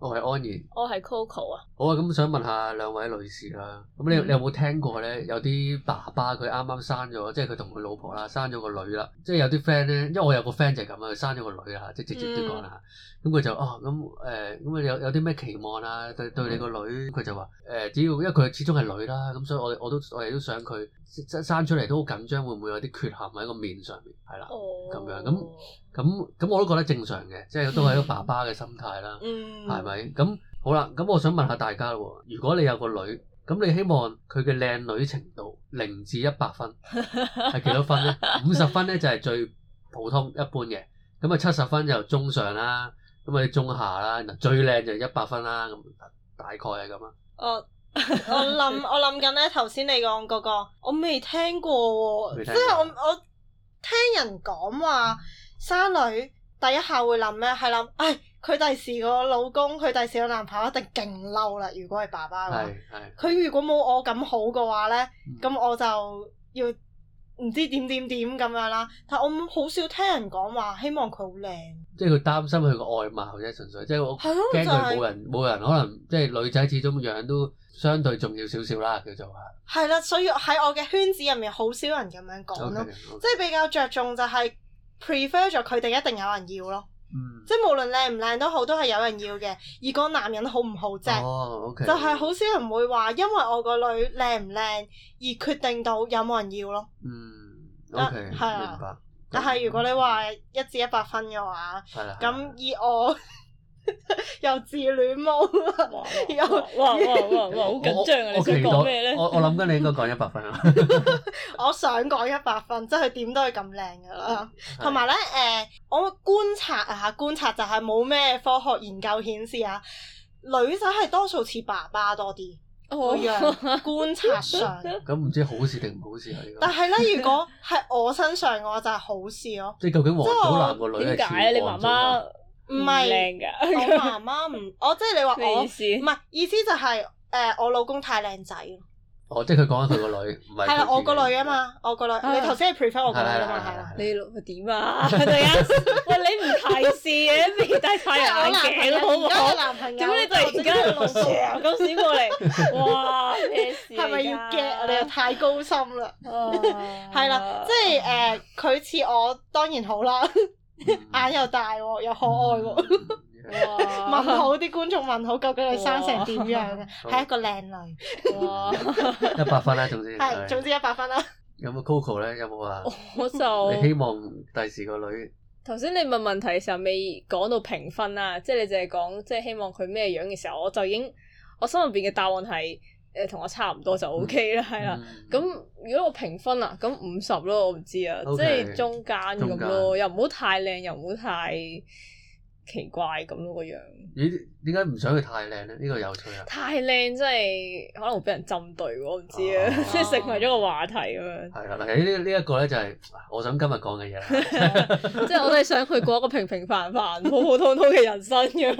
我係安然，我係 Coco 啊。好啊，咁想問下兩位女士啦。咁、嗯、你你有冇聽過咧？有啲爸爸佢啱啱生咗，即係佢同佢老婆啦，生咗個女啦。即係有啲 friend 咧，因為我有個 friend 就係咁啊，生咗個女啊，即係直接啲講啦。咁佢、嗯、就啊，咁、哦、誒，咁啊、呃、有有啲咩期望啊？對對你，你個女佢就話誒、呃，只要因為佢始終係女啦，咁所以我我都我哋都想佢生出嚟都好緊張，會唔會有啲缺陷喺個面上面係啦咁樣咁。哦。咁咁我都覺得正常嘅，即係都係一個爸爸嘅心態啦，係咪？咁好啦，咁我想問下大家喎，如果你有個女，咁你希望佢嘅靚女程度零至一百分係幾 多分呢？五十分呢就係最普通一般嘅，咁啊七十分就中上啦，咁啊中下啦，最靚就一百分啦，咁大概係咁啊。我我諗、那個、我諗緊呢，頭先你講嗰個，我未聽過喎，過即係我我聽人講話。生女第一下會諗咩？係諗，唉，佢第時個老公，佢第時個男朋友一定勁嬲啦。如果係爸爸嘅話，佢如果冇我咁好嘅話咧，咁、嗯、我就要唔知點點點咁樣啦。但係我好少聽人講話，希望佢好靚，即係佢擔心佢個外貌啫，純粹即係我驚佢冇人冇、就是、人可能即係女仔始終樣都相對重要少少啦，叫做係啦。所以喺我嘅圈子入面，好少人咁樣講咯，即係 Okay, okay. 比較着重就係、是。prefer 咗，佢哋一定有人要咯，即係無論靚唔靚都好，都係有人要嘅。而個男人好唔好啫，oh, okay. 就係好少人會話，因為我個女靚唔靚而決定到有冇人要咯。嗯 OK 係啊。啊但係如果你話一至一百分嘅話，咁、嗯、以我。 又自戀懵， 又前面笑哇，哇哇哇哇，好緊張啊！我你想講咩咧？我我諗緊，你應該講一百分啊。我想講一百分，即係佢點都係咁靚噶啦。同埋咧，誒、呃，我觀察啊，觀察就係冇咩科學研究顯示啊，女仔係多數似爸爸多啲。我、哦、觀察上，咁唔 知好事定唔好事啊？但係咧，如果喺我身上嘅話，就係好事咯、啊。 即究竟黃寶男個女係似黃寶男？啊唔係，我媽媽唔，我即係你話我，唔係意思就係誒，我老公太靚仔咯。哦，即係佢講緊佢個女，唔係。係啦，我個女啊嘛，我個女，你頭先係 prefer 我個女啊嘛，係啦，你點啊？對唔住，喂，你唔提示嘅，你真係太好啦，好唔好？而家男朋友點解你對而家老公咁閃慕嚟？哇，咩事啊？係咪要驚？你又太高深啦，係啦，即係誒，佢似我當然好啦。眼又大、啊，又可愛、啊，問好啲觀眾問好， 問好究竟佢生成點樣嘅？係哇一個靚女，一百好哇 分啦、啊，總之係，總之一百分啦、啊。有冇 Coco 咧？有冇話？我就你希望第時個女。頭先 你問問題嘅時候未講到評分啊，即係你淨係講即係希望佢咩樣嘅時候，我就已經我心入邊嘅答案係。誒同我差唔多就 OK 啦，係啦。咁如果我評分啊，咁五十咯，我唔知啊，okay，即係中間咁咯，中間。又唔好太靚，又唔好太。奇怪咁咯，個樣咦，點解唔想佢太靚咧？呢、這個有趣啊！太靚真係可能會俾人針對，我唔知啊，即係成為咗個話題咁樣。係啦，嗱呢呢一個咧就係我想今日講嘅嘢啦， 即係我都係想佢過一個平平凡凡、普 普通通嘅人生咁樣。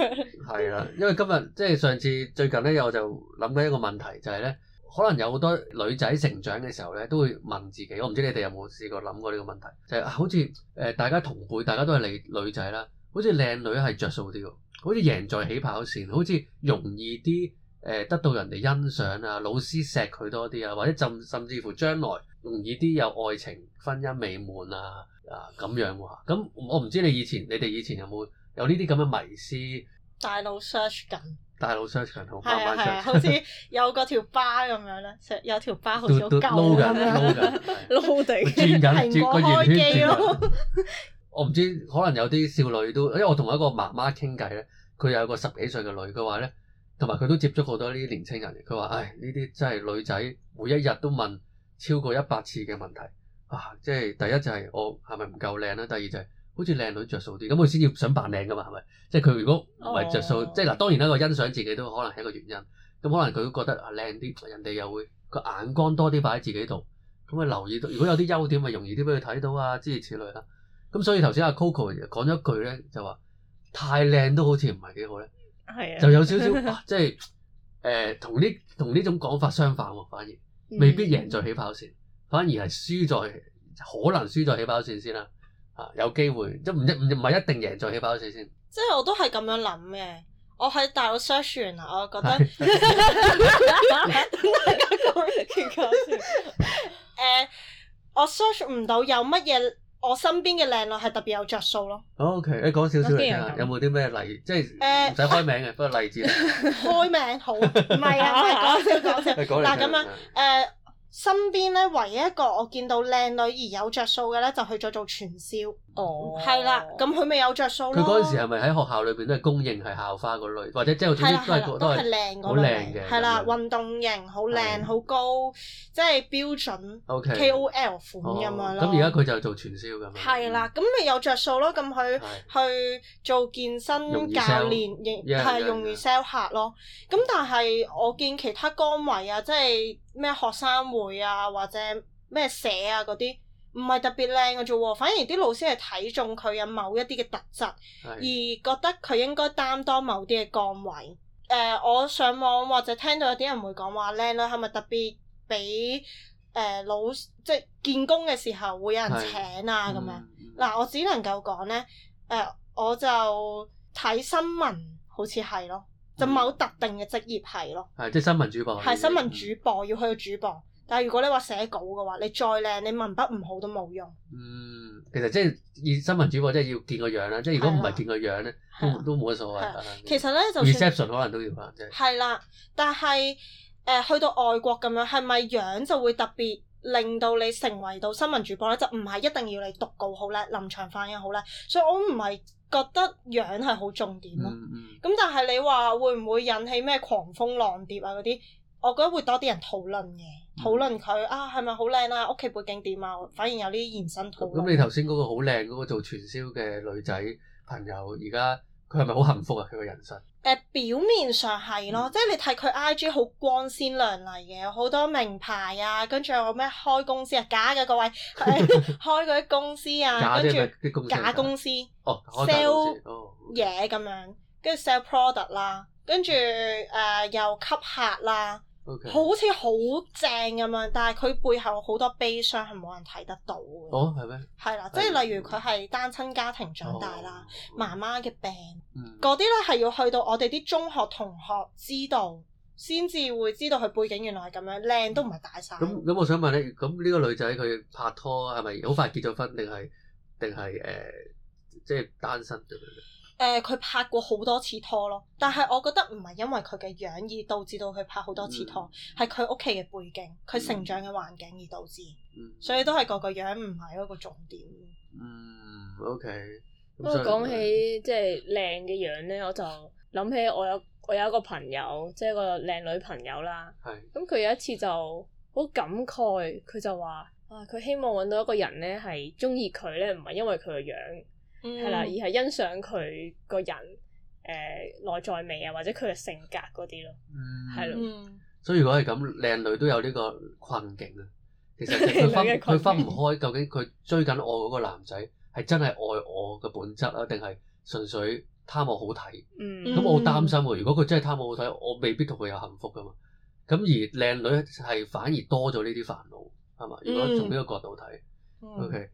係啦，因為今日即係上次最近咧，我就諗起一個問題，就係、是、咧可能有好多女仔成長嘅時候咧，都會問自己，我唔知你哋有冇試過諗過呢個問題，就係、是、好似誒大家同輩，大家都係嚟女仔啦。好似靚女係着數啲喎，好似贏在起跑線，好似容易啲誒得到人哋欣賞啊，老師錫佢多啲啊，或者甚甚至乎將來容易啲有愛情婚姻美滿啊啊咁樣喎。咁我唔知你以前你哋以前有冇有呢啲咁嘅迷思？大腦 search 緊，大腦 search 緊好。係啊，係啊好似有個條巴咁樣咧，有條疤好似要勾咁樣。攞緊，攞定。轉緊， 轉的個圓我唔知，可能有啲少女都，因為我同一個媽媽傾偈咧，佢有個十幾歲嘅女，佢話咧，同埋佢都接觸好多呢啲年青人，佢話：唉、哎，呢啲真係女仔每一日都問超過一百次嘅問題啊！即係第一就係我係咪唔夠靚咧？第二就係、是、好似靚女着數啲，咁佢先要想扮靚㗎嘛，係咪？即係佢如果唔係着數，哦、即係嗱，當然啦，佢欣賞自己都可能係一個原因。咁可能佢都覺得啊靚啲，人哋又會個眼光多啲擺喺自己度，咁啊留意到，如果有啲優點咪容易啲俾佢睇到啊，之類此類啦。咁所以頭先阿 Coco 講咗一句咧，就話太靚都好似唔係幾好咧，係啊、就有少少、啊、即係誒同呢同呢種講法相反喎、啊，反而未必贏在起跑線，反而係輸在可能輸在起跑線先啦、啊。啊，有機會，即唔一唔唔係一定贏在起跑線先。即係我都係咁樣諗嘅，我喺大陸 search 完啦，我覺得誒，我 search 唔到有乜嘢。我身邊嘅靚女係特別有着數咯。OK，你講少少，有冇啲咩例？即係唔使開名嘅，不過例子。呃、開名好，唔係啊，即係講笑講笑。嗱咁、啊、樣誒、啊呃，身邊咧唯一一個我見到靚女而有着數嘅咧，就去咗做傳銷。哦，係啦，咁佢咪有着數咯。佢嗰陣時係咪喺學校裏邊都係公認係校花嗰類，或者即係好似都係覺得係靚嗰類。係啦，運動型好靚，好高，即係標準 KOL 款咁樣咯。咁而家佢就做傳銷咁樣。係啦，咁咪有着數咯。咁佢去做健身教練，亦係用於 sell 客咯。咁但係我見其他崗位啊，即係咩學生會啊，或者咩社啊嗰啲。唔係特別靚嘅啫喎，反而啲老師係睇中佢有某一啲嘅特質，的而覺得佢應該擔當某啲嘅崗位。誒、呃，我上網或者聽到有啲人會講話靚啦，係咪特別俾誒、呃、老即係見工嘅時候會有人請啊咁的樣？嗱、嗯，我只能夠講呢，誒、呃，我就睇新聞好似係咯，就某特定嘅職業係咯，係即係新聞主播，係的新聞主播要去做主播。但係如果你話寫稿嘅話，你再靚，你文筆唔好都冇用。嗯，其實即係以新聞主播，即係要見個樣啦。即係如果唔係見個樣咧，都都冇乜所謂啦。其實咧，就 exception 可能都要啊。即係係啦，但係誒去到外國咁樣，係咪樣就會特別令到你成為到新聞主播咧？就唔係一定要你讀稿好叻、臨場反應好叻，所以我唔係覺得樣係好重點咯。咁但係你話會唔會引起咩狂蜂浪蝶啊？嗰啲我覺得會多啲人討論嘅。討論佢啊，係咪好靚啊？屋企背景點啊？反而有呢啲延伸討論咁、嗯、你頭先嗰個好靚嗰個做傳銷嘅女仔朋友，而家佢係咪好幸福啊？佢個人生誒、呃、表面上係咯，嗯、即係你睇佢 I G 好光鮮亮麗嘅，好多名牌啊，跟住有咩開公司啊， 假嘅各位，開嗰啲公司啊，跟住後假公司，假公司哦，sell 嘢咁樣，跟住 sell product 啦，跟住誒又吸客啦。Okay. 好似好正咁樣，但係佢背後好多悲傷係冇人睇得到嘅。哦，oh，係咩？係啦，即係例如佢係單親家庭長大啦，oh。媽媽嘅病，嗰啲咧係要去到我哋啲中學同學知道，先至會知道佢背景原來係咁樣，靚都唔係大晒。咁咁，我想問咧，咁呢個女仔佢拍拖係咪好快結咗婚，定係定係誒，即係單身嘅？等等誒，佢、呃、拍過好多次拖咯，但係我覺得唔係因為佢嘅樣而導致到佢拍好多次拖，係佢屋企嘅背景、佢、嗯、成長嘅環境而導致，嗯、所以都係個個樣唔係一個重點。嗯，OK 嗯。不過講起即係靚嘅樣咧，我就諗起我有我有一個朋友，即、就、係、是、個靚女朋友啦。係。咁佢有一次就好感慨，佢就話：啊，佢希望揾到一個人咧，係中意佢咧，唔係因為佢嘅樣。係啦，嗯、而係欣賞佢個人誒內、呃、在美啊，或者佢嘅性格嗰啲咯，係、嗯、咯。嗯、所以如果係咁，靚女都有呢個困境啊。其實佢分佢 分唔開，究竟佢追緊我嗰個男仔係真係愛我嘅本質啊，定係純粹貪我好睇？咁、嗯、我好擔心喎，如果佢真係貪我好睇，我未必同佢有幸福噶嘛。咁而靚女係反而多咗呢啲煩惱，係嘛？如果從呢個角度睇、嗯嗯，OK。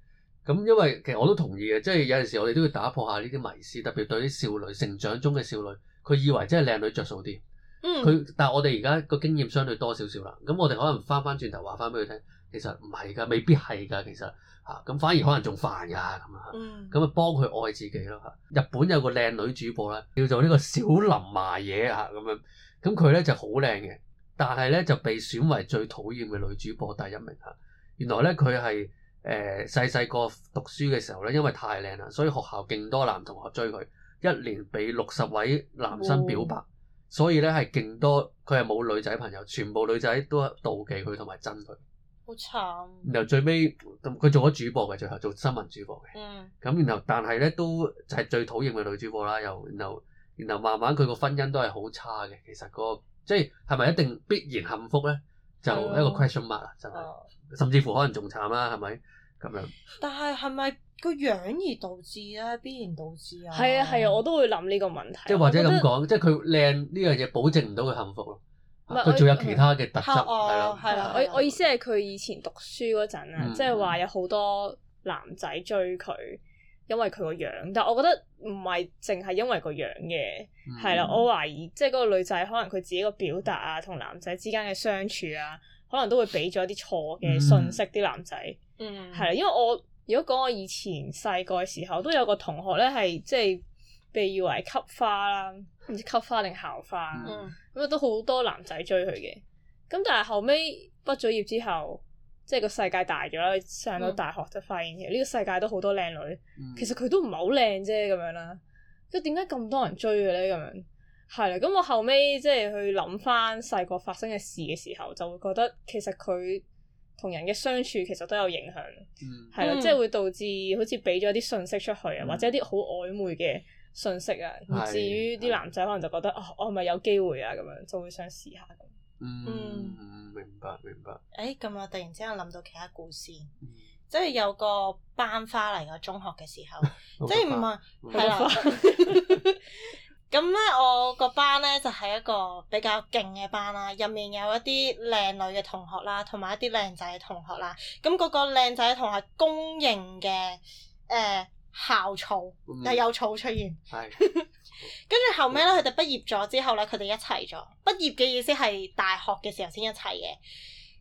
咁、嗯、因為其實我都同意嘅，即係有陣時我哋都要打破下呢啲迷思，特別對啲少女成長中嘅少女，佢以為真係靚女着數啲。嗯。佢但係我哋而家個經驗相對多少少啦，咁我哋可能返返轉頭話返俾佢聽，其實唔係㗎，未必係㗎，其實嚇咁反而可能仲煩㗎咁啊。咁啊，幫佢愛自己咯嚇。日本有個靚女主播咧，叫做呢個小林麻耶。嚇咁樣，咁佢咧就好靚嘅，但係咧就被選為最討厭嘅女主播第一名嚇。原來咧佢係。誒、呃、細細個讀書嘅時候咧，因為太靚啦，所以學校勁多男同學追佢，一年俾六十位男生表白，哦、所以咧係勁多，佢係冇女仔朋友，全部女仔都妒忌佢同埋憎佢。好慘。然後最尾佢做咗主播嘅，最後做新聞主播嘅。嗯。咁然後但係咧都就係最討厭嘅女主播啦，又然後然後慢慢佢個婚姻都係好差嘅。其實嗰、嗰個、即係係咪一定必然幸福咧？就一個 question mark、嗯、啊，就甚至乎可能仲慘啦，係咪？但係係咪個樣而導致咧？必然導致啊！係啊，係啊，我都會諗呢個問題。即係或者咁講，即係佢靚呢樣嘢保證唔到佢幸福咯。唔係佢仲有其他嘅特質，係咯，係啦。我我意思係佢以前讀書嗰陣啊，即係話有好多男仔追佢，因為佢個樣。但我覺得唔係淨係因為個樣嘅，係啦。我懷疑即係嗰個女仔可能佢自己個表達啊，同男仔之間嘅相處啊，可能都會俾咗一啲錯嘅信息啲男仔。 嗯，係啦， 因為我如果講我以前細個嘅時候，都有個同學咧，係即係被譽為系花啦，唔知系花定校花，咁啊都好多男仔追佢嘅。咁但係後尾畢咗業之後，即係、嗯、個世界大咗啦，上到大學就發現其實呢個世界都好多靚女，其實佢都唔係好靚啫咁樣啦。咁點解咁多人追佢咧？咁樣係啦。咁我後尾即係去諗翻細個發生嘅事嘅時候，就會覺得其實佢。同人嘅相處其實都有影響，係咯、嗯，即係會導致好似俾咗啲信息出去啊，嗯、或者啲好曖昧嘅信息啊，唔、嗯、至於啲男仔可能就覺得哦，我係咪有機會啊？咁樣就會想試下咁。嗯、嗯明，明白明白。誒、欸，咁我，突然之間諗到其他故事，嗯、即係有個班花嚟我中學嘅時候，即係唔係係啦。 咁咧，我個班咧就係、是、一個比較勁嘅班啦，入面有一啲靚女嘅同學啦，同埋一啲靚仔嘅同學啦。咁、那、嗰個靚仔同學公認嘅、呃、校草，但係、嗯、有草出現。係、嗯。跟住 後尾咧，佢哋畢業咗之後咧，佢哋一齊咗。畢業嘅意思係大學嘅時候先一齊嘅。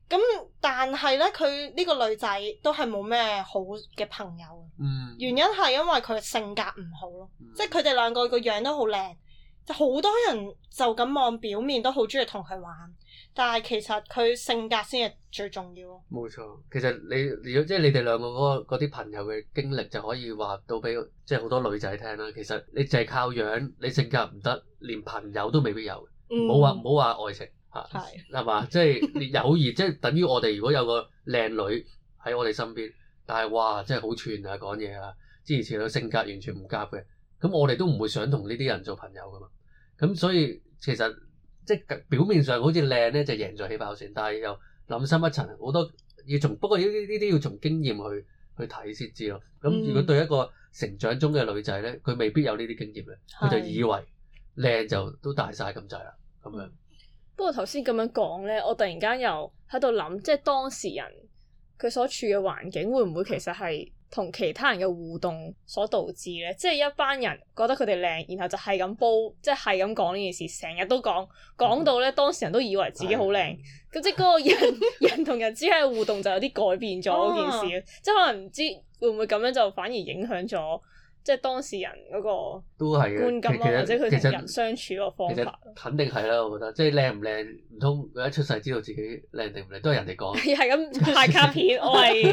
咁但係咧，佢呢個女仔都係冇咩好嘅朋友嘅，嗯、原因係因為佢性格唔好咯。嗯、即係佢哋兩個個樣都好靚，就好多人就咁望表面都好中意同佢玩，但係其實佢性格先係最重要咯。冇錯，其實你如果即係你哋兩個嗰啲朋友嘅經歷，就可以話到俾即係好多女仔聽啦。其實你淨係靠樣，你性格唔得，連朋友都未必有，唔好話唔好話愛情。係，係嘛？即係友誼， 即係等於我哋如果有個靚女喺我哋身邊，但係哇，真係好串啊，講嘢啊，之前前兩性格完全唔夾嘅，咁我哋都唔會想同呢啲人做朋友噶嘛。咁所以其實即係表面上好似靚咧就贏在起跑線，但係又諗深一層，好多要從不過呢啲呢啲要從經驗去去睇先知咯。咁如果對一個成長中嘅女仔咧，佢、嗯、未必有呢啲經驗咧，佢就以為靚就都大晒咁滯啦，咁樣。嗯嗯不過頭先咁樣講咧，我突然間又喺度諗，即係當事人佢所處嘅環境會唔會其實係同其他人嘅互動所導致咧？即係一班人覺得佢哋靚，然後就係咁煲，即係係咁講呢件事，成日都講，講到咧當事人，都以為自己好靚。咁、嗯、即係嗰個人 人同人之間嘅互動就有啲改變咗件事，哦、即係可能唔知會唔會咁樣就反而影響咗。即係當事人嗰個觀感咯，或者佢哋人相處個方法。肯定係啦，我覺得即係靚唔靚，唔通佢一出世知道自己靚定唔靚？都係人哋講。係咁派卡片，我係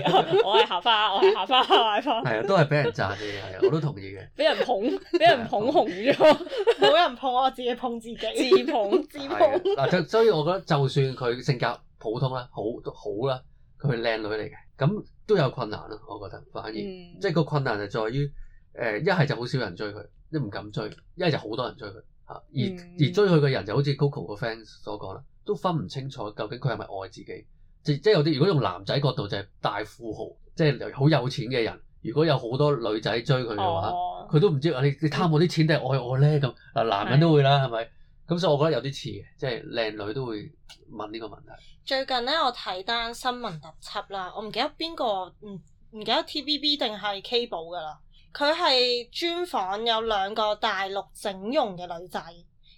我係校花，我係校花，校花。係啊，都係俾人讚嘅，係啊，我都同意嘅。俾人捧，俾人捧紅咗，冇人捧我，自己捧自己，自捧自捧。嗱，所以我覺得就算佢性格普通啦，好都好啦，佢係靚女嚟嘅，咁都有困難咯，我覺得。反而即係個困難就係在於。誒一係就好少人追佢，一唔敢追；一係就好多人追佢嚇。而、嗯、而追佢嘅人就好似 Coco 個 friend 所講啦，都分唔清楚究竟佢係咪愛自己。即即有啲如果用男仔角度就係大富豪，即係好有錢嘅人。如果有好多女仔追佢嘅話，佢、哦、都唔知你你貪我啲錢定係愛我咧咁嗱。男人都會啦，係咪咁？所以我覺得有啲似嘅，即係靚女都會問呢個問題。最近咧，我睇單新聞特輯啦，我唔記得邊個唔唔記得 TVB 定係 Cable 噶啦。佢係專訪有兩個大陸整容嘅女仔，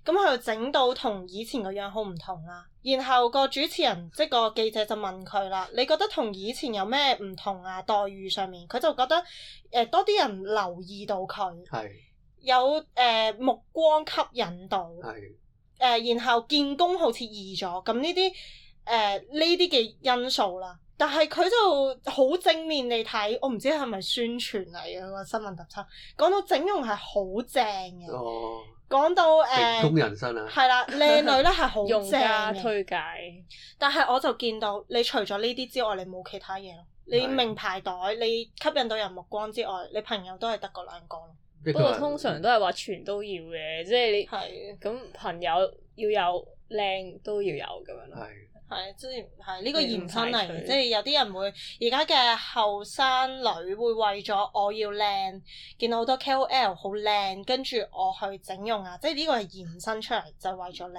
咁佢就整到同以前個樣好唔同啦、啊。然後個主持人，即個記者就問佢啦：你覺得同以前有咩唔同啊？待遇上面，佢就覺得誒、呃、多啲人留意到佢，的有誒、呃、目光吸引到，誒的、呃、然後見工好似易咗。咁呢啲誒呢啲嘅因素啦。但係佢就好正面你睇，我唔知係咪宣傳嚟嘅個新聞特輯。講到整容係好正嘅，講、哦、到誒，成功人生啊，係啦，靚女咧係好正 用推介。但係我就見到你除咗呢啲之外，你冇其他嘢咯。的你名牌袋，你吸引到人目光之外，你朋友都係得嗰兩個。不過通常都係話全都要嘅，即、就、係、是、你係咁的朋友要有靚都要有咁樣咯。的係，即係呢個延伸嚟，嗯、即係有啲人會而家嘅後生女會為咗我要靚，見到好多 KOL 好靚，跟住我去整容啊！即係呢個係延伸出嚟，就係、為咗靚。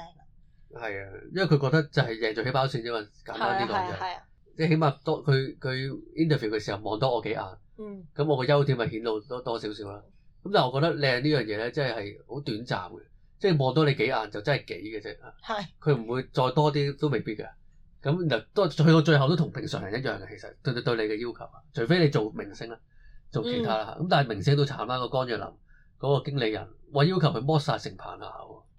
係啊，因為佢覺得就係贏咗起跑線啫嘛，簡單啲講啫。即係起碼多佢佢 interview 嘅時候望多我幾眼。嗯。咁我個優點咪顯露多，多多少少啦。咁但係我覺得靚呢樣嘢咧，真係係好短暫嘅。即係望到你幾眼就真係幾嘅啫嚇，佢唔是會再多啲都未必嘅。咁嗱，都去到最後都同平常人一樣嘅，其實對對你嘅要求，除非你做明星啦，做其他啦咁、嗯、但係明星都慘啦，個江若琳，嗰個經理人，話要求佢剝殺成棚牙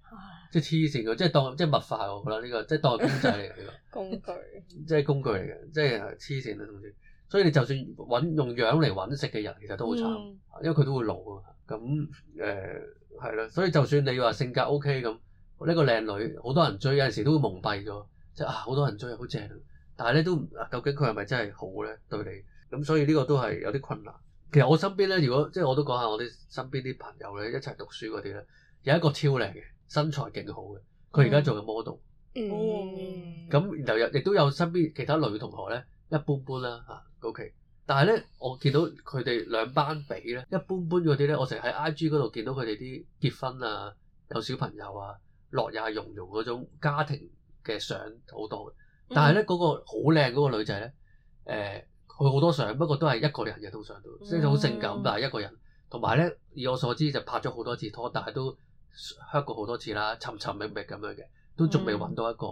唉即係黐線佢，即係當是即係物化，我覺得呢個即係當係工具嚟嘅呢個。工具即係工具嚟嘅，即係黐線啦總之，所以你就算揾用樣嚟揾食嘅人，其實都好慘，嗯、因為佢都會老啊。咁誒。呃係啦，所以就算你話性格 OK 咁，呢個靚女好多人追，有陣時都會蒙蔽咗，即係啊好多人追，好正，但係咧都究竟佢係咪真係好咧？對你咁，所以呢個都係有啲困難。其實我身邊咧，如果即係我都講下我啲身邊啲朋友咧，一齊讀書嗰啲咧，有一個超靚嘅，身材勁好嘅，佢而家做緊 model、嗯。哦。咁然後又亦都有身邊其他女同學咧，一般般啦、啊、吓、啊、OK。但係咧，我見到佢哋兩班比咧，一般般嗰啲咧，我成日喺 IG 嗰度見到佢哋啲結婚啊、有小朋友啊、樂也融融嗰種家庭嘅相好多嘅。但係咧，嗰、嗰個好靚嗰個女仔咧，誒、呃，佢好多相，不過都係一個人嘅，通常都，即係好性感，但係一個人。同埋咧，以我所知就拍咗好多次拖，但係都 cut 過好多次啦，尋尋覓覓咁樣嘅，都仲未揾到一個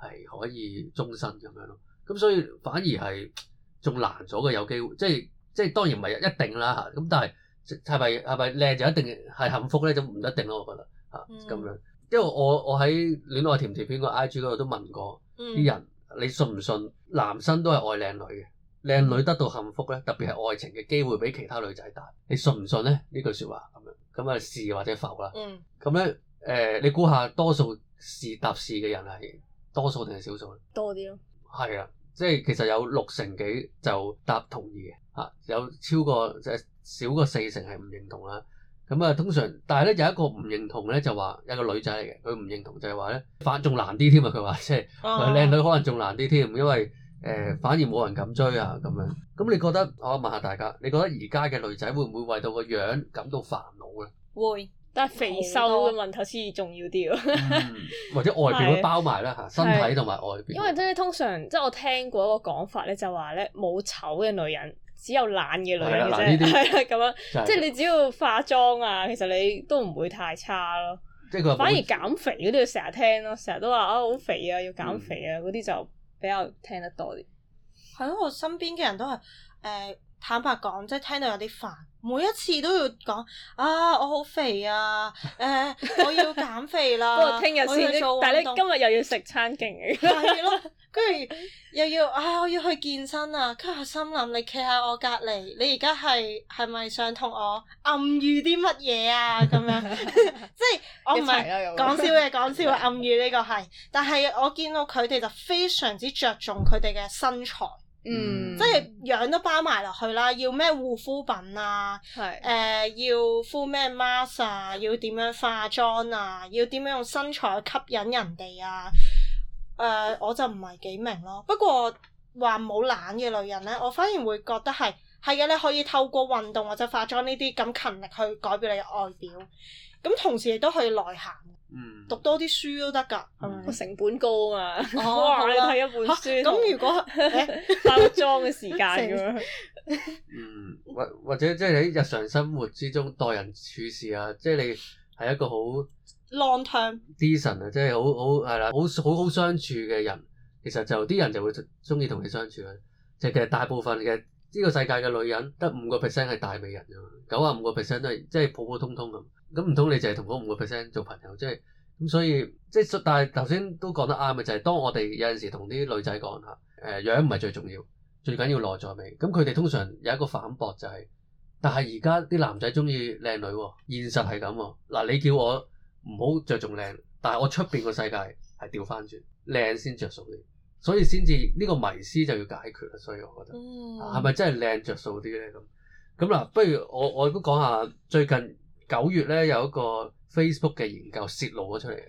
係可以終身咁樣咯。咁所以反而係。仲難咗嘅有機會，即係即係當然唔係一定啦嚇，咁但係係咪係咪靚就一定係幸福咧？就唔一定咯，我覺得嚇咁、嗯、樣。因為我我喺戀愛甜甜片個 IG 嗰度都問過啲、嗯、人，你信唔信男生都係愛靚女嘅？靚女得到幸福咧，特別係愛情嘅機會比其他女仔大，你信唔信咧？呢句説話咁樣咁啊是或者否啦？咁咧誒，你估下多數事事是答是嘅人係多數定係少數？多啲咯。係啊。即係其實有六成幾就答同意嘅嚇，有超過即係少過四成係唔認同啦。咁啊，通常但係咧有一個唔認同咧就話一個女仔嚟嘅，佢唔認同就係話咧反仲難啲添啊，佢話即係靚女可能仲難啲添，因為誒、呃、反而冇人敢追啊咁樣。咁你覺得，我問下大家，你覺得而家嘅女仔會唔會為到個樣感到煩惱啊？會。但係肥瘦嘅問題先重要啲咯、嗯， 或者外表包埋啦嚇，是身體同埋外表。因為即係通常即係我聽過一個講法咧，就話咧冇醜嘅女人只有懶嘅女人啫、就是，係啦咁樣，的即係你只要化妝啊，其實你都唔會太差咯。即佢反而減肥嗰啲，要成日聽咯，成日都話啊好肥啊，要減肥啊，嗰啲、嗯、就比較聽得多啲。係咯，我身邊嘅人都係誒。呃坦白講，即係聽到有啲煩，每一次都要講啊！我好肥啊，誒、呃，我要減肥啦。不過聽日先做運動。但係你今日又要食餐勁嘅嘢。係咯，跟住又要啊！我要去健身啊！跟住，我心諗，你企喺我隔籬，你而家係係咪想同我暗語啲乜嘢啊？咁 樣，即係我唔係講笑嘅，講笑暗語呢個係，但係我見到佢哋就非常之着重佢哋嘅身材。嗯，mm. 即係樣都包埋落去啦。要咩護膚品啊？係誒的、呃，要敷咩 mask 啊？要點樣化妝啊？要點樣用身材去吸引人哋啊？誒、呃，我就唔係幾明咯。不過話冇懶嘅女人咧，我反而會覺得係係嘅。你可以透過運動或者化妝呢啲咁勤力去改變你嘅外表，咁同時亦都可以內涵。嗯、讀多啲書都得噶，嗯、成本高啊。哦、哇你睇一本書，啊，咁如果化妝嘅時間咁樣，嗯，或或者即係喺日常生活之中待人處事啊，即、就、係、是、你係一個好 long time decent 啊，即係好好係啦，好好好相處嘅人，其實就啲人就會中意同你相處嘅。就是、其實大部分嘅呢個世界嘅女人，得五個 percent 係大美人啊，九啊五個 percent 都係即係普普通通咁。咁唔通你就係同嗰五個 percent 做朋友，即係咁，所以即係，但係頭先都講得啱嘅就係、是，當我哋有陣時同啲女仔講吓，誒、呃、樣唔係最重要，最緊要內在美。咁佢哋通常有一個反駁就係、是，但係而家啲男仔中意靚女、哦，現實係咁、哦。嗱，你叫我唔好着重靚，但係我出邊個世界係掉翻轉，靚先着數啲，所以先至呢個迷思就要解決啦。所以我覺得，係咪、嗯、真係靚着數啲咧？咁咁嗱，不如我我都講下最近。九月咧有一個 Facebook 嘅研究泄露咗出嚟、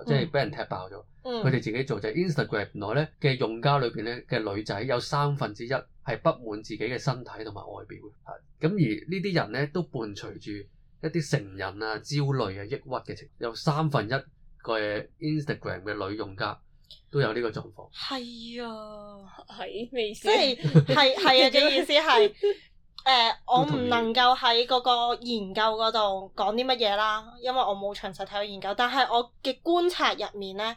嗯、即係俾人踢爆咗。佢哋，嗯、自己做就係 Instagram，內咧嘅用家裏邊咧嘅女仔有三分之一係不滿自己嘅身體同埋外表嘅，咁而呢啲人咧都伴隨住一啲成人啊焦慮啊、抑鬱嘅情，有三分一嘅 Instagram 嘅女用家都有呢個狀況。係啊，係未？即係係啊，嘅意思係。誒，呃、我唔能夠喺嗰個研究嗰度講啲乜嘢啦，因為我冇詳細睇過研究。但係我嘅觀察入面呢，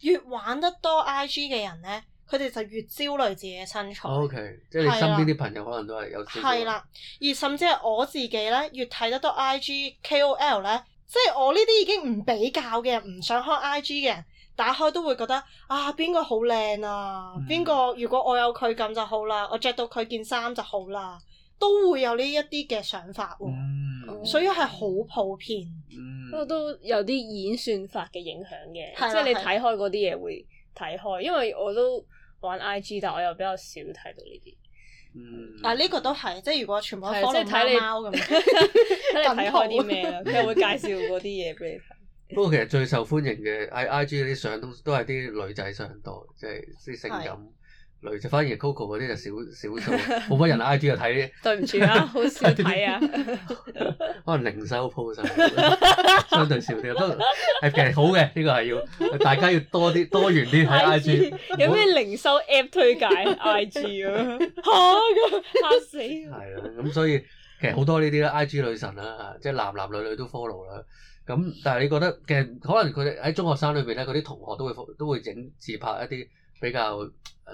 越玩得多 IG 嘅人呢，佢哋就越焦慮自己嘅身材。哦、o、okay, K，即係你身邊啲朋友了可能都係有。係啦，而甚至係我自己呢，越睇得多 IG K O L 呢，即係我呢啲已經唔比較嘅人，唔想開 IG 嘅人，打開都會覺得啊，邊個好靚啊？邊個、嗯、如果我有佢咁就好啦，我着到佢件衫就好啦。都會有呢一啲嘅想法喎，所以係好普遍，不過都有啲演算法嘅影響嘅，即係你睇開嗰啲嘢會睇開，因為我都玩 IG，但我又比較少睇到呢啲。嗯，啊呢個都係，即係如果全部都係睇你貓咁樣，睇開啲咩啊？佢會介紹嗰啲嘢俾你睇。不過其實最受歡迎嘅 I IG 啲相都都係啲女仔上多，即係啲性感。就反而 Coco 嗰啲就少少數，冇乜人 I G 啊睇。對唔住啊，好少睇啊。可能零售鋪就相對少啲，都係其實好嘅呢個係要大家要多啲多元啲睇 I G。有咩零售 app 推介 I G 啊？嚇咁嚇死！係啊，咁所以其實好多呢啲啦，I G 女神啦，即係男男女女都 follow 啦。咁但係你覺得其實可能佢哋喺中學生裏邊咧，佢啲同學都會都會整自拍一啲。比較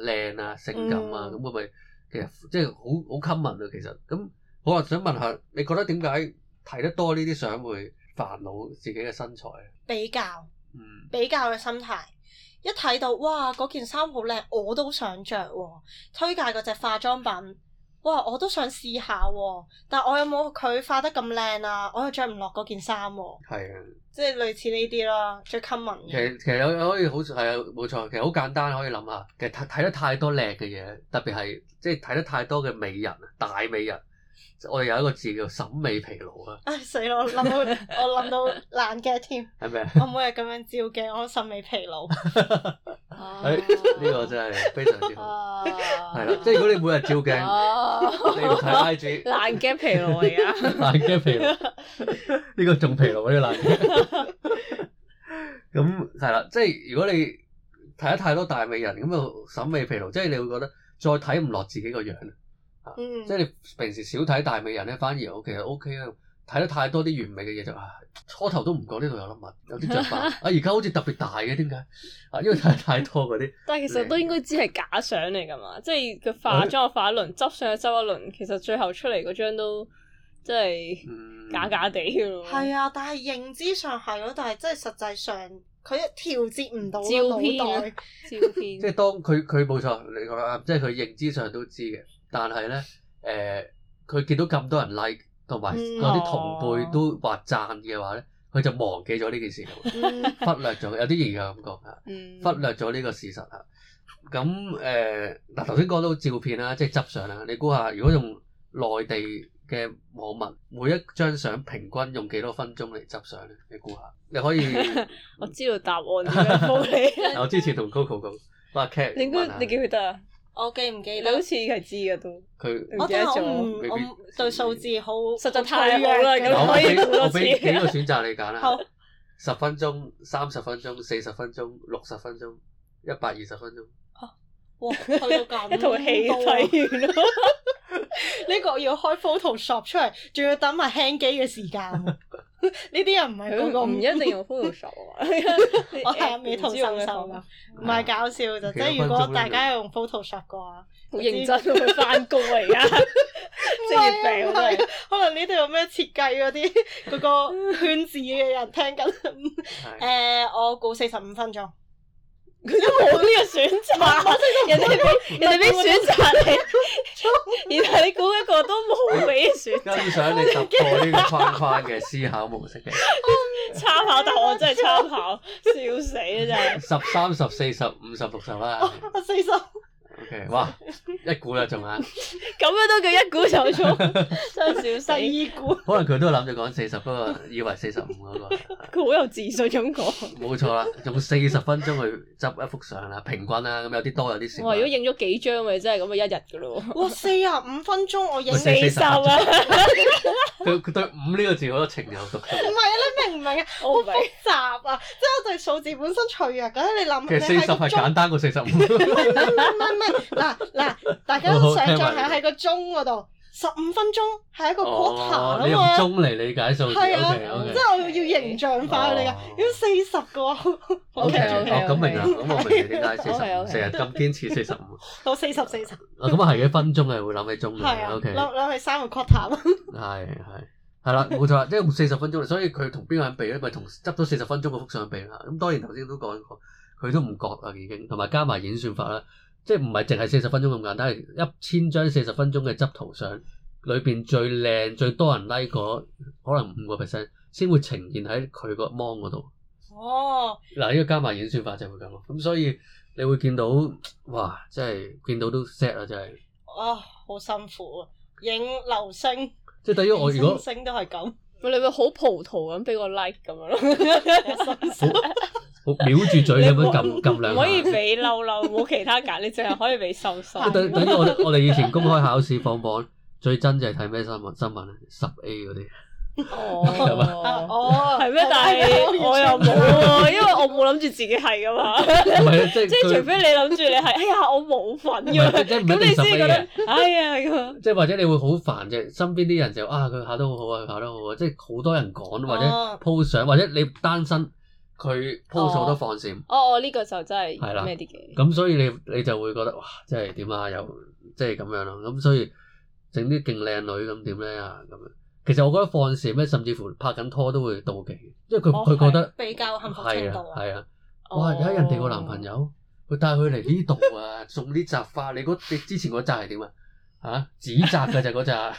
靚啊，性感啊，咁佢咪其實即係好好 common 啊。其實咁，我話想問下，你覺得點解睇得多呢啲相會煩惱自己嘅身材？比較，嗯，比較嘅心態，一睇到哇嗰件衫好靚，我都想着喎、啊。推介嗰隻化妝品，哇，我都想試下喎、啊。但我有冇佢化得咁靚啊？我又着唔落嗰件衫喎。係啊。即係類似呢啲囉，最 common。其實其實有可以好係啊，冇錯，其實好簡單可以諗下。其實睇得太多靚嘅嘢，特別係即係睇得太多嘅美人，大美人。我哋有一個字叫審美疲勞啊、哎！唉死咯，諗到我諗到爛鏡添。係咪？我，我，是是我每日咁樣照鏡，我審美疲勞。誒、 哎，呢、這個真係非常之好，係啦。 即係如果你每日照鏡， 你睇 I G 爛鏡疲勞而家，爛 鏡疲勞，呢 個仲疲勞呢個爛鏡。咁係啦，即係如果你睇得太多大美人，咁就審美疲勞，即、就、係、是、你會覺得再睇唔落自己個樣。嗯、即係你平時少睇大美人咧，反而 O 其實 O K 啊！睇、OK、得太多啲完美嘅嘢就啊，初頭都唔覺呢度有粒物，有啲雀斑。 啊，而家好似特別大嘅，點解？啊，因為睇太多嗰啲。但係其實都的應該只係假相嚟噶嘛，即係佢化妝化一輪，執、哎、上又執一輪，其實最後出嚟嗰張都即係假假地噶係啊，但係認知上係咯，但係真係實際上佢一調節唔到照片。袋照片。 即係當佢佢冇錯，你講得啱，即係佢認知上都知嘅。但係咧，誒，佢見到咁多人 like，同埋嗰啲同輩都話讚嘅話咧，佢就忘記咗呢件事，忽略咗，有啲營養感覺嚇，忽略咗呢個事實嚇。咁誒，嗱頭先講到照片啦，即係執相啦，你估下，如果用內地嘅網民，每一張相平均用幾多分鐘嚟執相咧？你估下，你可以我知道答案嘅，幫你。我之前同 Coco 講，我話 Cat，你估你記唔記得啊？我記唔記？你好似係知嘅都。佢我我得，我對數字好實在太好啦，有可以我俾幾個選擇你揀啊？十分鐘、三十分鐘、四十分鐘、六十分鐘、一百二十分鐘。哇！開到一套戲睇完咯。呢個要開 Photoshop 出嚟，仲要等埋 hang 機嘅時間。呢啲人唔係佢個唔一定用 Photoshop 啊，我係美圖秀秀啊，唔係搞笑，就即係如果大家用 Photoshop 嘅話，好 認真去翻工啊，而家，職業病啊， 啊啊可能呢度有咩設計嗰啲嗰個圈子嘅人聽緊，誒、 啊 哎、我估四十五分鐘。佢都冇呢個選擇， 人哋俾 人哋俾選擇你，然後你估一個都冇俾選擇。加上你讀過呢個框框嘅思考模式嘅，參考答案真係參考，參考， 笑死真係。 十三、十四、十五、十六十、十啦 、啊。四十,十。O K，哇，一估又中啊！咁樣都叫一估就中，真小失依股。可能佢都諗住講四十，不過以為四十五嗰個。佢好有自信咁講。冇錯啦，用四十分鐘去執一幅相啦，平均啦，咁有啲多，有啲少。哇！如果影咗幾張咪真係咁啊，一日噶咯喎。哇！四十五分鐘我影四十啊。佢佢對五呢個字好多情有獨鍾。唔係啊，你明唔明啊？好複雜啊，即係我對數字本身脆弱，覺得你諗其實四十係簡單過四十五。嗱嗱，大家都想象喺個鐘嗰度，十五分鐘係一個 quarter 啊，你用鐘嚟理解數字，係啊，即係我要形象化嚟噶。要四十個，O K，哦，咁明啦，咁我明點解四十，成日咁堅持四十五，到四十四十。咁啊係嘅，分鐘係會諗起鐘嘅，O K。諗諗係三個 quarter。係係係啦，冇錯啦，即係用四十分鐘，所以佢同邊個人比咧，咪同執到四十分鐘嘅幅相比啦。咁當然頭先都講過，佢都唔覺啦，已經，同埋加埋演算法啦。即係唔係淨係四十分鐘咁簡單，係一千張四十分鐘嘅執圖相裏邊，最靚最多人 like 嗰，可能五個 percent 先會呈現喺佢個芒嗰度。哦，嗱，呢個加埋演算法就會咁咯。咁所以你會見到，哇！真係見到都 sad 啊，真係。啊、哦，好辛苦啊，影流星。即係等於我如果流星都係咁，你會好葡萄咁俾個 like 咁樣咯。 好我秒住嘴咁樣撳撳兩下可以俾嬲嬲，冇其他格，你淨係可以俾收收。等等到我哋以前公開考試放榜，最真就係睇咩新聞新聞咧，十 A 嗰啲。哦，係咩？但係我又冇喎，因為我冇諗住自己係噶嘛。即係除非你諗住你係，哎呀我冇份咁，咁你先覺得哎呀即係或者你會好煩，啫，身邊啲人就啊佢考得好好啊，佢考得好好啊，即係好多人講，或者 po 相，或者你單身。佢鋪數都放線、哦，哦呢、呢個就真係咩啲咁，所以你你就會覺得哇，即係點啊？又即係咁樣咯。咁、嗯、所以整啲勁靚女咁點咧啊？咁樣其實我覺得放線咧，甚至乎拍緊拖都會妒忌，因為佢佢覺得比較幸福係啊，係、嗯、啊。哇！而家人哋個男朋友，佢帶佢嚟呢度啊， 送啲雜花。你之前嗰扎係點啊？嚇，紙紮㗎咋嗰扎。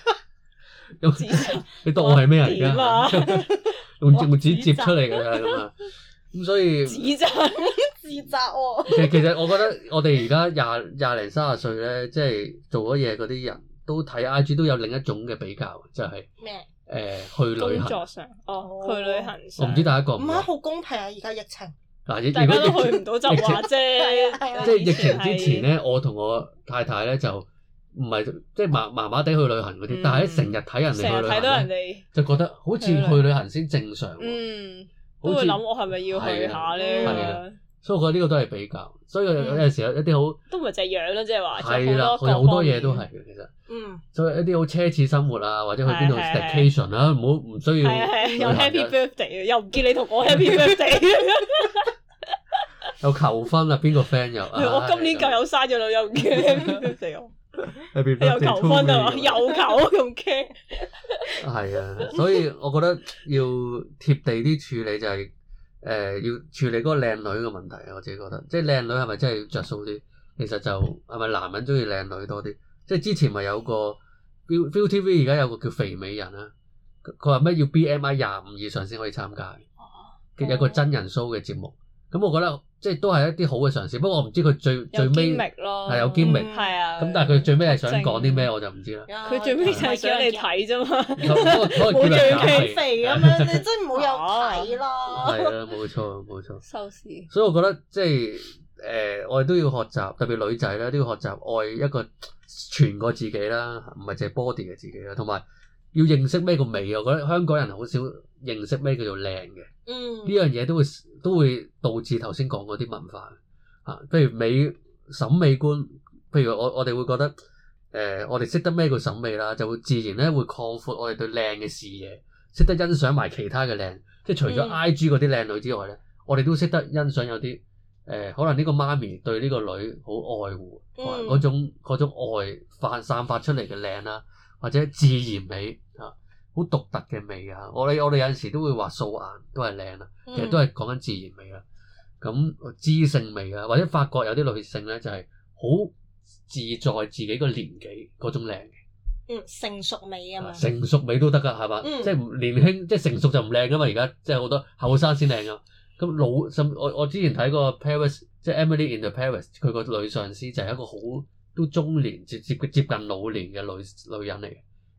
你當我係咩人而家？用用紙折出嚟㗎啦咁啊！咁所以自責，自責喎。其實我覺得我哋而家廿廿零三十歲咧，即係做咗嘢嗰啲人都睇 IG，都有另一種嘅比較，就係、是、咩？誒麼、呃，去旅行，哦，的去旅行。我唔知第一個唔係好公平啊，而家疫情嗱，如果都去唔到就話啫，即係 疫情之前咧，我同我太太咧就唔係即係麻麻麻地去旅行嗰啲，嗯、但係成日睇人哋去旅行，睇到人哋，就覺得好似去旅行先正常。嗯都會諗我係咪要去下咧？所以我覺得呢個都係比較，所以有有陣時有啲好都唔係淨係樣啦，即係話好多好多嘢都係其實。所以一啲好奢侈生活啊，或者去邊度 staycation 啊，唔好唔需要。又 Happy Birthday，又唔見你同我 Happy Birthday。又求婚啦，邊個 friend 又？我今年夠有晒，咗女，友唔見 Happy Birthday 有求婚啊嘛，有求咁驚。係 啊，所以我覺得要貼地啲處理就係、是，誒、呃，要處理嗰個靚女嘅問題啊。我自己覺得，即係靚女係咪真係着數啲？其實就係咪男人中意靚女多啲？即、就、係、是、之前咪有個 ViuTV 而家有個叫肥美人啊，佢話咩要 B M I 廿五以上先可以參加嘅，有一個真人 show 嘅節目。咁我覺得即係都係一啲好嘅嘗試，不過我唔知佢最最尾係有揭秘，係、嗯、啊。咁但係佢最尾係想講啲咩，我就唔知啦。佢最尾就係想你睇啫嘛，冇做肥肥咁樣，你真冇有睇啦。係啊，冇錯冇錯。錯錯收視。所以我覺得即係誒、呃，我哋都要學習，特別女仔咧都要學習愛一個全個自己啦，唔係淨係 body 嘅自己啦。同埋要認識咩個美，我覺得香港人好少認識咩叫做靚嘅。嗯，呢樣嘢都會。都會導致頭先講嗰啲文化啊，譬如美審美觀，譬如我我哋會覺得誒、呃，我哋識得咩叫審美啦，就會自然咧會擴闊我哋對靚嘅視野，識得欣賞埋其他嘅靚，即係除咗 IG 嗰啲靚女之外咧，嗯、我哋都識得欣賞有啲誒、呃，可能呢個媽咪對呢個女好愛護，嗰、嗯啊、種嗰種愛散發出嚟嘅靚啦，或者自然美啊。好獨特嘅味啊！我哋我哋有陣時都會話素顏都係靚啊，其實都係講緊自然美啊。咁知、嗯、性美啊，或者法國有啲女性咧就係好自在自己個年紀嗰種靚、啊。嗯，成熟美啊嘛。成熟美都得噶，係嘛、嗯？即係年輕，即係成熟就唔靚噶嘛。而家即係好多後生先靚啊。咁、啊、老，甚我我之前睇過 Paris，即係 Emily in the Paris，佢個女上司就係一個好都中年，接接接近老年嘅女女人嚟嘅，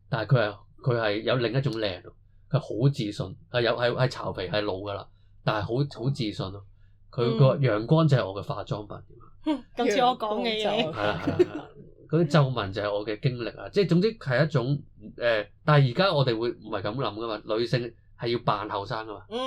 但係佢係。佢係有另一種靚，佢好自信，係有係係巢皮係老噶啦，但係好好自信咯。佢個、嗯、陽光就係我嘅化妝品，咁似、嗯、我講嘅嘢。係啦係啦，嗰啲皺紋就係我嘅經歷啊！即係總之係一種誒、呃，但係而家我哋會唔係咁諗噶嘛？女性係要扮後生噶嘛？嗯，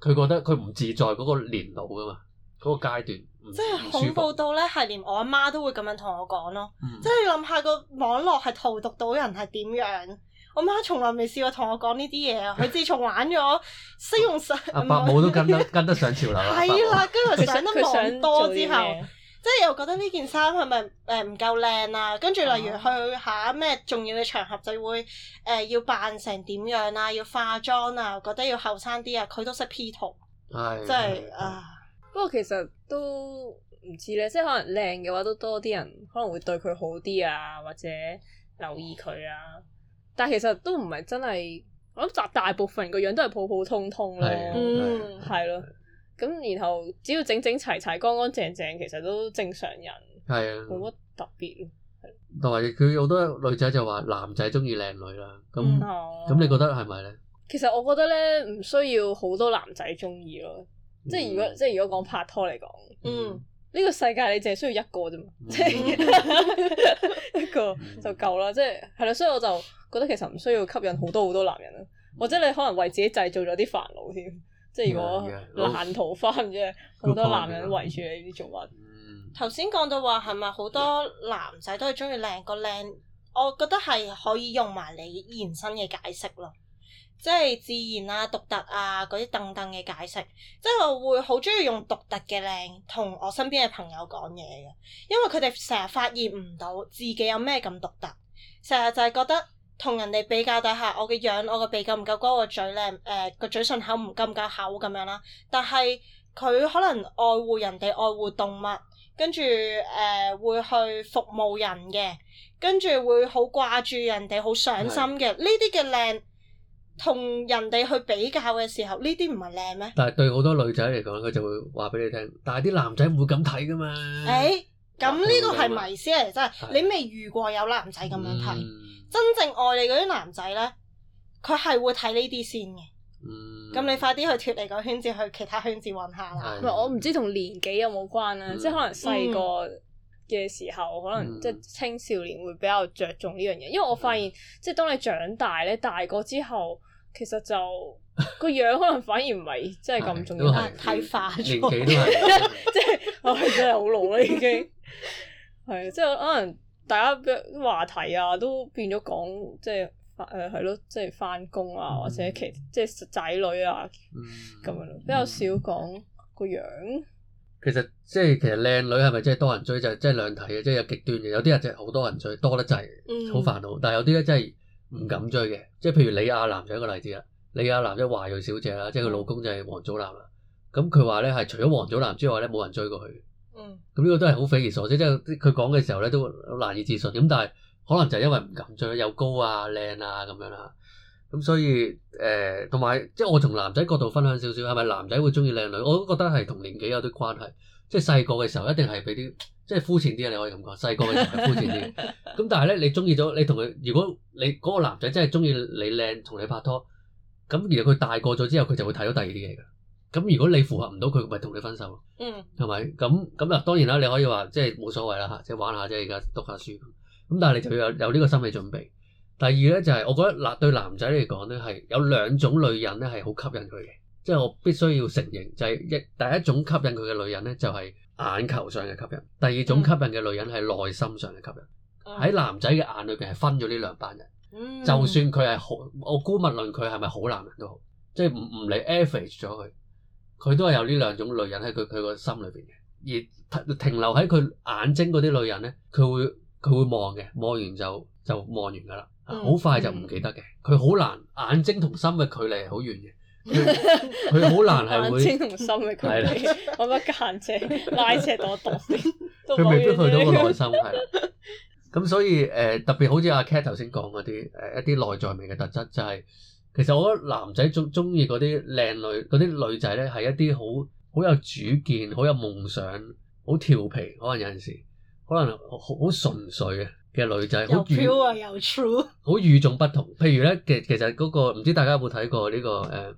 佢覺得佢唔自在嗰個年老噶嘛，嗰、嗰個階段即係恐怖到咧，係連我阿媽都會咁樣同我講咯。嗯、即係諗下個網絡係荼毒到人係點樣？我媽從來未試過同我講呢啲嘢啊！佢自從玩咗識用上服，阿都、啊、跟得 跟得上潮流 啊母！係啦、啊伯，跟住上得忙多之後，即係又覺得呢件衫係咪誒唔夠靚啊？跟住例如去下咩重要嘅場合就會、呃，誒要扮成點樣啊？要化妝啊？覺得要後生啲啊？佢都識 P 圖，即係啊！不過其實都唔知咧，即係可能靚嘅話都多啲人可能會對佢好啲啊，或者留意佢啊。但其實都唔係真係，我諗大部分個樣都係普普通通咯，嗯，係咯的，咁然後只要整整齊齊、乾乾淨淨，其實都正常人，係啊的，冇乜特別。同埋佢好多女仔就話男仔中意靚女啦，咁咁、嗯、你覺得係咪咧？其實我覺得咧，唔需要好多男仔中意咯，即係如果、嗯、即係如果講拍拖嚟講，嗯。呢個世界你淨係需要一個啫嘛，即係 一個就夠啦，即係係啦，所以我就覺得其實唔需要吸引好多好多男人啦，或者你可能為自己製造咗啲煩惱添，即係如果爛桃花啫，係好多男人圍住你做乜？頭先講到話係咪好多男仔都係中意靚個靚，我覺得係可以用埋你延伸嘅解釋咯。即係自然啊，獨特啊，嗰啲等等嘅解釋，即係我會好中意用獨特嘅靚同我身邊嘅朋友講嘢嘅，因為佢哋成日發現唔到自己有咩咁獨特，成日就係覺得同人哋比較底下我，我嘅樣，我個鼻夠唔夠高，個嘴靚，誒個嘴唇口唔夠唔夠厚咁樣啦。但係佢可能愛護人哋，愛護動物，跟住誒會去服務人嘅，跟住會好掛住人哋，好上心嘅呢啲嘅靚。的同人哋去比較嘅時候，呢啲唔係靚咩？但係對好多女仔嚟講，佢就會話俾你聽。但係啲男仔唔會咁睇㗎嘛。誒、欸，咁呢個係迷思嚟，真係哇你未遇過有男仔咁樣睇。嗯、真正愛你嗰啲男仔咧，佢係會睇呢啲先嘅。咁、嗯、你快啲去脱離個圈子，去其他圈子揾下啦的。我唔知同年紀有冇關啦。嗯、即係可能細個嘅時候，嗯、可能即係青少年會比較着重呢樣嘢。因為我發現，即係當你長大咧，大個之後。其實就個樣可能反而唔係即係咁重要，睇化咗，即係即係， 真係好老啦已經。係 啊， 即係可能大家嘅話題啊，都變咗講，即係誒係咯，即係翻工啊，或者其即係仔女啊咁樣咯，比較少講個樣。其實即係其實靚女係咪真係多人追就係，真係兩體嘅，即係有極端嘅，有啲人就係好多人追，多得滯，好煩惱。但係有啲咧真係。 唔敢追嘅，即係譬如李亞男就一個例子啦。李亞男即係華裔小姐啦，即係佢老公就係王祖藍啦。咁佢話咧係除咗王祖藍之外咧，冇人追過佢。嗯。咁呢個都係好匪夷所思，即係佢講嘅時候咧都難以置信。咁但係可能就因為唔敢追，又高啊靚啊咁樣啦。咁、嗯、所以誒，同、呃、埋即係我從男仔角度分享少少，係咪男仔會中意靚女？我都覺得係同年紀有啲關係。即係細個嘅時候，一定係俾啲即係膚淺啲嘅，你可以咁講。細個嘅時候係膚淺啲嘅，咁 但係咧，你中意咗你同佢，如果你嗰個男仔真係中意你靚，同你拍拖，咁然後佢大個咗之後，佢就會睇到第二啲嘢嘅。咁如果你符合唔到佢，咪同你分手。嗯。係咪？咁咁啊，當然啦，你可以話即係冇所謂啦嚇，即係玩下啫，而家讀下書。咁但係你就要有有呢個心理準備。第二咧就係、是、我覺得男對男仔嚟講咧係有兩種女人咧係好吸引佢嘅。即係我必須要承認，就係、是、一第一種吸引佢嘅女人呢，就係、是、眼球上嘅吸引；第二種吸引嘅女人係內心上嘅吸引。喺、嗯、男仔嘅眼裏邊係分咗呢兩班人。嗯、就算佢係好，我姑勿論佢係咪好男人都好，即係唔唔理 average 咗佢，佢都係有呢兩種女人喺佢佢個心裏邊嘅。而停留喺佢眼睛嗰啲女人呢，佢會佢會望嘅，望完就就望完㗎啦，好快就唔記得嘅。佢好難眼睛同心嘅距離係好遠嘅。佢佢好難係會眼睛同心嘅，佢，冇得夾硬扯拉扯多度先。佢 未必去到個內心係咁，所以誒、呃、特別好似阿 Kat 頭先講嗰啲誒一啲內在美嘅特質，就係、是、其實我諗男仔中中意嗰啲靚女嗰啲女仔咧，係一啲好好有主見、好有夢想、好調皮，可能有陣時可能好好純粹嘅。嘅女仔好，又好與眾不同。譬如咧，其其實嗰個唔知大家有冇睇過呢個誒《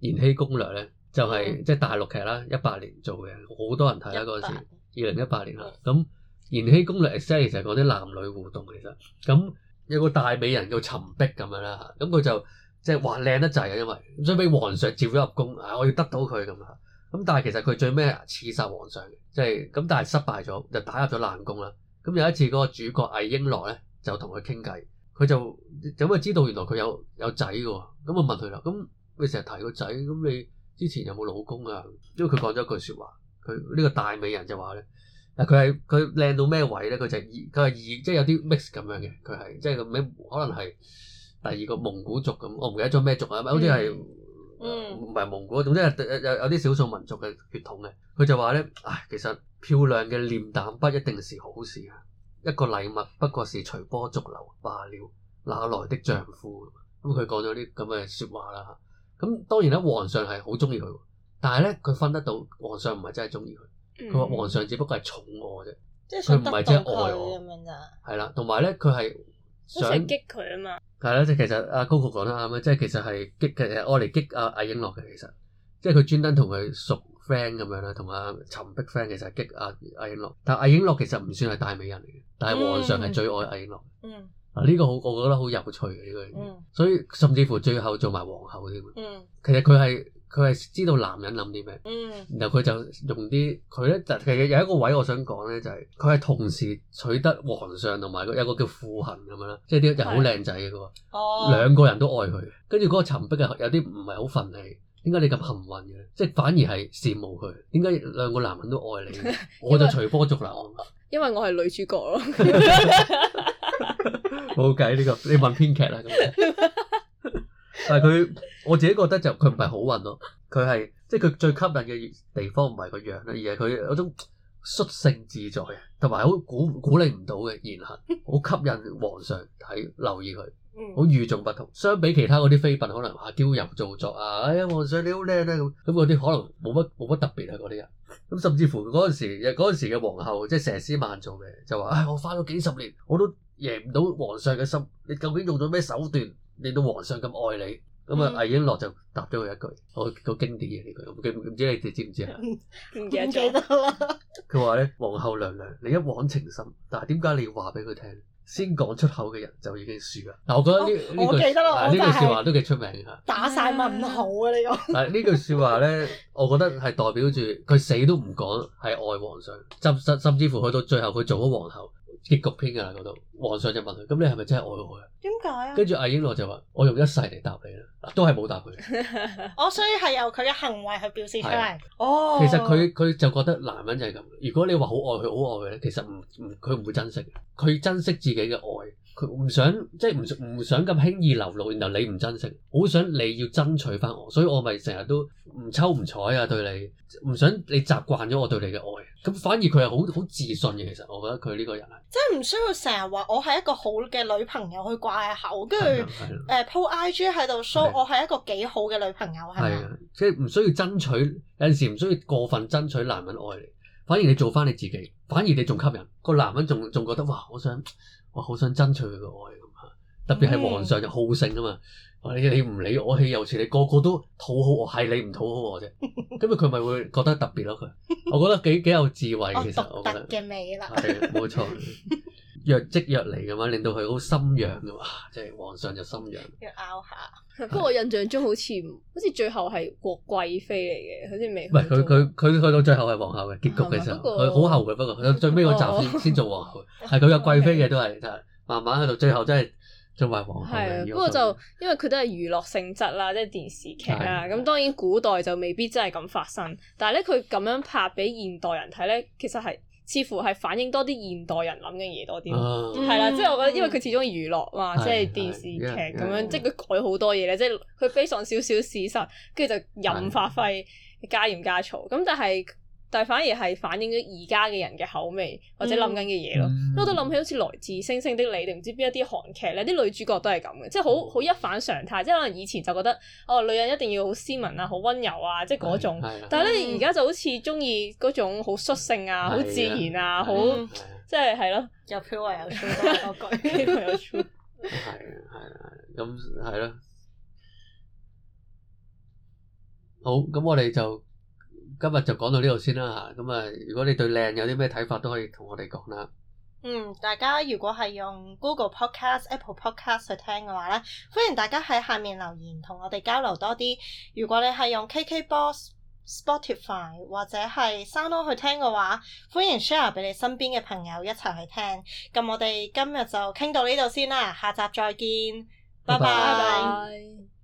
延禧攻略》咧，就係即係大陸劇啦，一八年做嘅，好多人睇啦嗰時。二零一八年啦，咁《延禧攻略》其實就講啲男女互動，其實咁有個大美人叫陳璧咁樣啦，咁佢就即係話靚得滯啊，因為想俾皇上召入宮，啊，我要得到佢咁啊，咁但係其實佢最尾刺殺皇上，即係咁，但係失敗咗，就打入咗冷宮啦。咁有一次，個主角魏英樂咧就同佢傾偈，佢就就咁知道原來佢有有仔嘅，咁我問佢啦，咁你成日提個仔，咁你之前有冇老公啊？因為佢講咗一句説話，佢呢個大美人就話咧，嗱佢係佢靚到咩位咧？佢就二佢係二，即係有啲 mix 咁樣嘅，佢係即係個名可能係第二個蒙古族咁，我唔記得咗咩族啊，好似係。嗯，唔係蒙古，總之有有有啲少數民族嘅血統嘅，佢就話咧，唉，其實漂亮嘅臉蛋不一定是好事啊，一個禮物不過是隨波逐流罷了，哪來的丈夫？咁佢講咗啲咁嘅說話啦，咁當然咧，皇上係好中意佢，但係咧佢分得到皇上唔係真係中意佢，佢話、嗯、皇上只不過係寵我啫，即係唔係真係愛我咁樣係啦，同埋咧佢係。嗯想激佢啊嘛，係啦，即係其實阿 Coco 講得啱啊。即係其實係激嘅，我嚟激阿阿瓔珞嘅，其實即係佢專登同佢熟 friend 咁樣啦，同阿沉璧 friend，其實係激阿瓔珞但阿瓔珞，但係阿瓔珞其實唔算係大美人嚟嘅，但係皇上係最愛阿瓔珞，嗱呢、嗯啊，這個好，我覺得好有趣嘅呢、這個，嗯、所以甚至乎最後做埋皇后添，其實佢係。佢係知道男人諗啲咩，嗯、然後佢就用啲佢咧，就其實有一個位我想講咧，就係佢係同時取得皇上同埋個有個叫傅恒咁樣啦，即係啲又好靚仔嘅喎，兩個人都愛佢，跟住嗰個陳璧啊，有啲唔係好憤氣，點解你咁幸運嘅？即係反而係羨慕佢，點解兩個男人都愛你？ 為我就隨波逐流，因為我係女主角咯，冇計呢個，你問編劇啦。 但係佢，我自己覺得就佢唔係好運咯。佢係即係佢最吸引嘅地方唔係個樣咧，而係佢有種率性自在啊，同埋好鼓鼓勵唔到嘅言行，好吸引皇上睇留意佢，好與眾不同。相比其他嗰啲妃嬪可能啊嬌柔造作啊，哎呀皇上你好靚咧咁，咁嗰啲可能冇乜冇乜特別啊嗰啲人。咁甚至乎嗰陣時，又嗰陣時嘅皇后即係佘詩曼做嘅，就話，唉，我花咗幾十年，我都贏唔到皇上嘅心，你究竟用咗咩手段？令到皇上咁愛你，咁啊，魏瓔珞就答咗佢一句，好個經典嘅呢句，唔知你哋知唔知啊？唔記得咗。佢話咧，皇后娘娘，你一往情深，但係點解你要話俾佢聽？先講出口嘅人就已經輸啦。嗱，我覺得呢呢句呢句說話都幾出名吓。打晒問號啊！你講。呢句說話咧，我覺得係代表住佢死都唔講係愛皇上，執甚甚至乎去到最後佢做咗皇后。結局篇㗎喇，嗰度，皇上就問佢：咁你係咪真係愛我啊？點解啊？跟住阿英諾就話：，我用一世嚟答你啦，都係冇答佢。我、 哦、所以係由佢嘅行為去表示出嚟。啊、哦，其實佢佢就覺得男人就係咁。如果你話好愛佢，好愛佢咧，其實唔唔，佢唔會珍惜。佢珍惜自己嘅愛。佢唔想即係唔唔想咁輕易流露，然後你唔珍惜，好想你要爭取翻我，所以我咪成日都唔抽唔睬啊。對你，唔想你習慣咗我對你嘅愛，咁反而佢係好好自信嘅。其實我覺得佢呢個人係即係唔需要成日話我係一個好嘅女朋友去掛口，跟住誒 po I G 喺度 show 我係一個幾好嘅女朋友係啊的，即係唔需要爭取，有陣時唔需要過分爭取男人愛你，反而你做翻你自己，反而你仲吸引個男人，仲仲覺得哇，好想。我好想爭取佢個愛咁嚇，特別係皇上就好勝啊嘛！嗯、你你唔理我，氣有似你，個個都討好我，係你唔討好我啫。咁咪佢咪會覺得特別咯，啊？佢，我覺得幾 幾，幾有智慧 其實，我覺得嘅美啦，係冇錯。 若即若離嘅話，令到佢好心癢嘅話，即係皇上就心癢。要拗下，一說一下不過我印象中好似是好似最後係郭貴妃嚟嘅，好似未。唔係佢佢佢去到最後係皇后嘅結局嘅時候，佢好嗎後嘅。不過最尾個集先先做皇后，係佢個貴妃嘅都係，就係慢慢去到最後真係做埋皇后。不過說一、啊、就因為佢都係娛樂性質啦，即係電視劇啦，咁的對當然古代就未必真係咁發生，但係咧佢咁樣拍俾現代人睇咧，其實係。似乎係反映多啲現代人諗嘅嘢多啲，係啦、oh.，即係我覺得，因為佢始終娛樂嘛， 樂即係電視劇咁樣， 即係佢改好多嘢咧， 即係佢 base 上少少事實，跟住就任發揮， 加鹽加醋，咁但係。但係反而係反映咗而家嘅人嘅口味或者諗緊嘅嘢咯，因為、嗯、我都諗起好似來自星星的你定唔知邊一啲韓劇咧，啲女主角都係咁嘅，即係好好一反常態，即係可能以前就覺得哦，女人一定要好斯文，嗯、啊，好溫柔啊，即係嗰種，但係咧而家就好似中意嗰種好率性啊，好自然啊，好即係係咯，又飄逸又粗，又句句又粗，係啊係啊，咁係咯好，咁我哋就。今日就講到呢度先啦吓，咁啊，如果你對靚有啲咩睇法，都可以同我哋講啦。嗯，大家如果係用 Google Podcast、Apple Podcast 去聽嘅話咧，歡迎大家喺下面留言同我哋交流多啲。如果你係用 KKBox、Spotify 或者係 Soundo 去聽嘅話，歡迎 share 俾你身邊嘅朋友一齊去聽。咁我哋今日就傾到呢度先啦，下集再見，拜拜。拜拜。